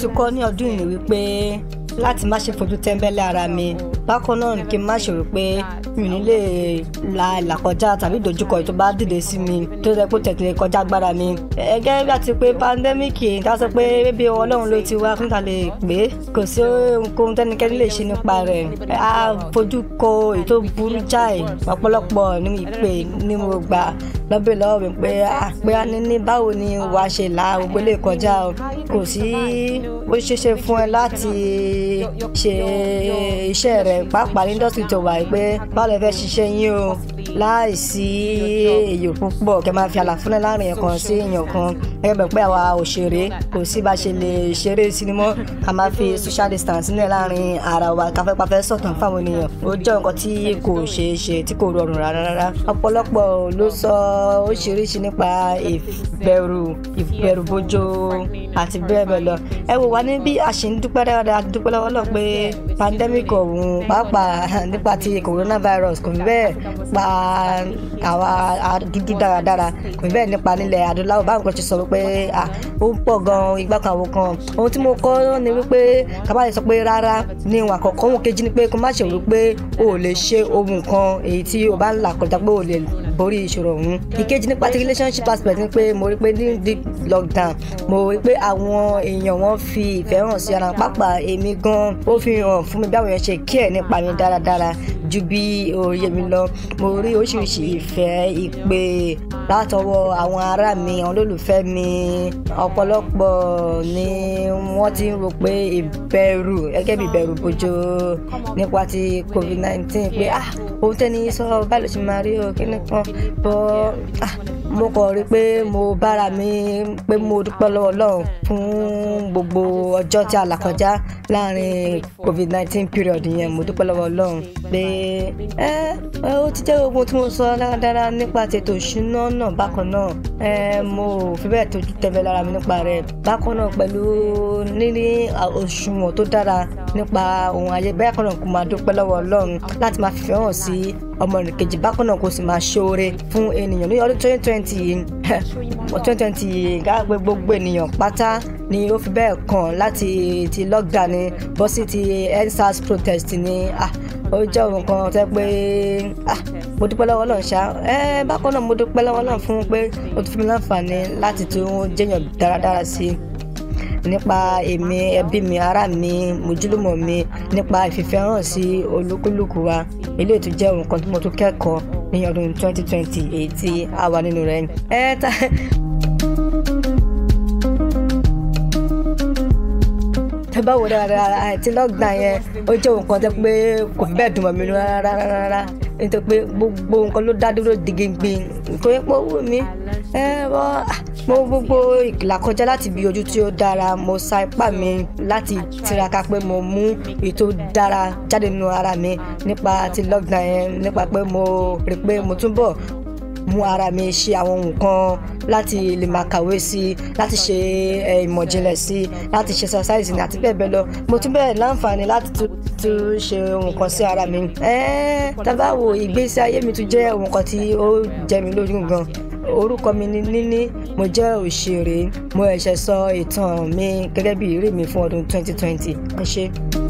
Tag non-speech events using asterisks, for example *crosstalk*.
tún kọ́ ní ọdún yìí wípé láti má ṣe fojú tẹ́ńbẹ́lẹ́ ara mi bákan náà kí n má ṣe rò pé mi ò lè la ìlàkọjá tàbí ìdojúkọ ètò bá dìde sí mi tó yẹ kó tẹ̀lé kọjá agbára mi. ẹgẹ́ bí a ti pé pandẹ́míkì tá a sọ pé bí ọlọ́run ló ti wá fún ta lè pé kò sí ohun tẹ́nikẹ́ni lè ṣe nípa rẹ̀ a fojú kọ ètò burú jáì ọ̀pọ̀lọpọ̀ ní ìpè ní mo gbà lọ́bẹ̀ lọ́wọ́ mi pé pé a ní ní báwo ni wàá ṣe là á gbélé kọjá kò sí ó ṣeéṣe fún ẹ láti ṣe iṣẹ́ rẹ̀ pàápàá ní indọ́sítì tó wà pé báwo lè fẹ́ ṣiṣẹ́ yín o láìsí èyí púpọ̀ kẹ́ máa fi àlàfo náà láàrin ẹ̀kan sí èèyàn kan gẹ́gẹ́ bẹ̀ pé àwa òṣèré kò sí bá ṣe lè ṣeré sinimọ́ a máa fi social distance náà láàrin ara wa káfẹ́páfẹ́ sọ̀tàn fáwọn ènìyàn ó jẹ́ nǹkan tí kò ṣeé ṣe tí kò rọrùn rárá rárá ọ̀pọ̀lọpọ̀ ló sọ oríṣiríṣi nípa ìbẹ̀rù ìbẹ̀rùbojo àti bẹ́ẹ̀ bẹ́ẹ̀ lọ ẹ wò wá ní bí a ṣe ń dúpẹ́ dáadáa dúpẹ́ lọ́wọ́ lọ pé pandemic ọ̀hún pàápàá nípa ti coronavirus kò ní bẹ́ẹ̀ pa àwa dúdú dáradára kò bẹ́ẹ̀ nípa nílẹ̀ adúláwọ̀ báwọn kan ṣe sọ wípé ó ń pọ̀ gan igbá kan àwọn kan ohun tí mo kọ́ ni wípé kábàlẹ̀ sọ pé rárá ní ìwà kọ̀ọ̀kan òun kejì ni pé kó má ṣe wípé o ò lè ṣe ohun kan èyí tí o bá ń là kọjá pé o lè borí ìṣòro ọ̀hún. ìkejì nípa ti relationship aspect ni pé mo rí pé ní the lockdown mo rí pé àwọn èèyàn wọn fi ìfẹ́ hàn sí ara pápá èmi gan ó fi hàn fún mi bí àwọn èèyàn ṣe kí ẹ̀ nípa mi dáradára ju bí orí mi lọ mo rí oríṣiríṣi ìfẹ́ ìpè látọwọ́ àwọn ará mi àwọn olólùfẹ́ mi ọ̀pọ̀lọpọ̀ ni wọ́n ti ń rò pé ìbẹ̀rù gẹ́gẹ́ bí ìbẹ̀rù bojo nípa ti covid nineteen pé ah òun tẹ́ni sọ báyìí ló ṣe máa rí o kí nìkan bọ́ ah mo kàn rí i pé mo bára mi pé mo dúpẹ́ lọ́wọ́ ọlọ́run fún gbogbo ọjọ́ tí a là kọjá láàrin covid nineteen period yẹn mo dúpẹ́ lọ́wọ́ ọlọ́run pé ẹ ó ti jẹ́ ogun tí mo sọ dáradára nípa tètò ìṣúná náà bákan náà ẹ mo ò fi bẹ́ẹ̀ tójú tẹ́fẹ́ lára mi nípa rẹ̀ bákan náà pẹ̀lú níní òṣùwọ̀n tó dára nípa ohun ayé bẹ́ẹ̀ kan kò máa dúpẹ́ lọ́wọ́ ọlọ́run láti máa fìfẹ́ hàn sí ọmọnìkejì bákan náà kò sì máa ṣoore fún ènìyàn ní ọdún twenty twenty *laughs* twenty twenty gáàgbé gbogbo ènìyàn pátá ni ó fi bẹ́ẹ̀ kàn láti ti lockdown ni bọ́ sí ti endsars protest ni ah, ó jẹ́ ohun kan tẹ́ pé ah, mo dúpẹ́ lọ́wọ́ náà ṣá bákan náà mo dúpẹ́ lọ́wọ́ náà fún pé ó ti fún mi láǹfààní láti tún jẹ́yàn dáradára sí i nípa èmi ẹbí mi ará mi mojúlùmọ̀ mi nípa ìfìfẹ́ràn sí olúkúlùkù wa eléyìí tó jẹ́ nǹkan tí mo tún kẹ́kọ̀ọ́ ní ọdún 2020 èyí tí a wà nínú rẹ̀ ẹ ta. tẹ bá wò dáadáa àti lọ́gbà yẹn ó jẹ́ nǹkan tẹ́ pé kò bẹ́ẹ̀ dùn mọ́ mi rárá rárá nítorí pé gbogbo nǹkan ló dá dúró digigbe nǹkan yẹn pọ̀ wù mí ẹ bọ́ mo gbogbo ìlà kọjá láti ibi ojú tí ó dára mo sa ipá mi láti tiraka pé mo mú ètò dára jáde nínú ara mi nípa ti lockdown yẹn nípa pé mo rí pé mo túbọ̀ mú ara mi ṣe àwọn nǹkan láti lè máa kàwé sí láti ṣe ìmọ̀ sí láti ṣe exercise ní àti bẹ́ẹ̀ bẹ́ẹ̀ lọ mo tún bẹ́ẹ̀ láǹfààní láti tún ṣe nǹkan sí ara mi. tábà wo ìgbésí ayé mi tún jẹ́ nǹkan tí ó jẹ mi lójú gan orúkọ mi ni níní mo jẹ́ òṣèré mo ẹ̀ṣẹ̀ sọ ìtàn mi gẹ́gẹ́ bí ìrírí mi fún ọdún 2020 ẹ ṣé.